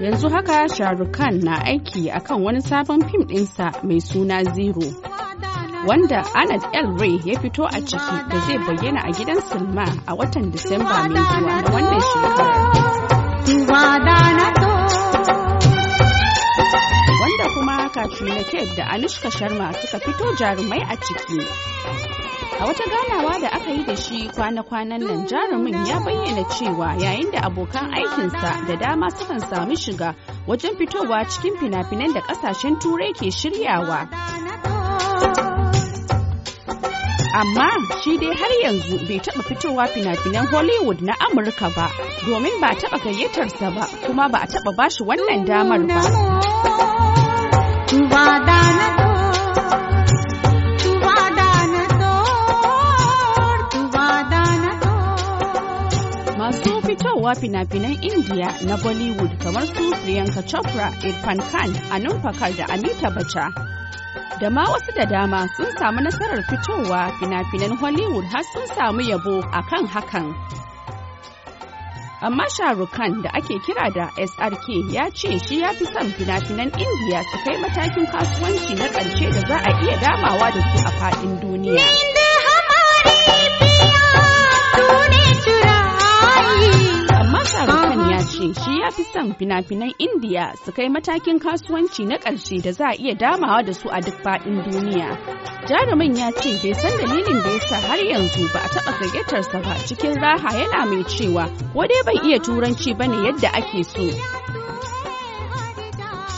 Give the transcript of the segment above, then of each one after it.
Yanzu haka Sharukan na aiki akan wani sabon fim ɗinsa mai suna Zero. Wanda Anad El Ray ya fito a ciki da zai bayyana a gidan Silma a watan Disamba mai zuwa na wannan shekarar. Sheth da Anushka Sharma suka fito jarumai a ciki. A wata ganawa da aka yi da shi kwana-kwanan nan jarumin ya bayyana cewa yayin da abokan aikinsa da dama sukan sami shiga wajen fitowa cikin fina-finan da kasashen turai ke shiryawa. amma shi dai har yanzu bai taba fitowa fina-finan Hollywood na Amurka ba domin ba taba gayyatarsa ba kuma ba a taba shi wannan damar ba. Masu fitowa fina-finan Indiya na Bollywood kamar su Priyanka Chopra, Irfan Khan, Anum Pakar da Amita Bacha. Da ma wasu da dama sun samu nasarar fitowa fina-finan Hollywood har sun samu yabo akan hakan. amma sharukan da ake kira da srk ya ce shi ya fi son fina-finan indiya su kai matakin kasuwanci na ƙarshe da za a iya damawa da su a faɗin duniya. Hakim shi ya fi son fina-finan Indiya su kai matakin kasuwanci na ƙarshe da za a iya damawa da su a duk faɗin duniya. Jarumin ya ce bai san dalilin da ya sa har yanzu ba a taɓa gayyatarsa ba cikin raha yana mai cewa ko bai iya turanci ba ne yadda ake so.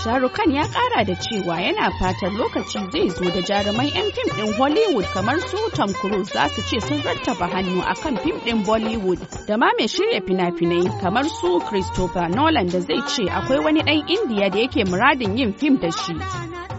Sharukan ya kara da cewa yana fatan lokaci zai zo da jaruman 'yan fim din Hollywood kamar su Tom Cruise za su ce sun rattaba hannu a kan fim din Bollywood da ma mai shirya fina-finai kamar su Christopher Nolan da zai ce akwai wani ɗan Indiya da yake muradin yin fim da shi.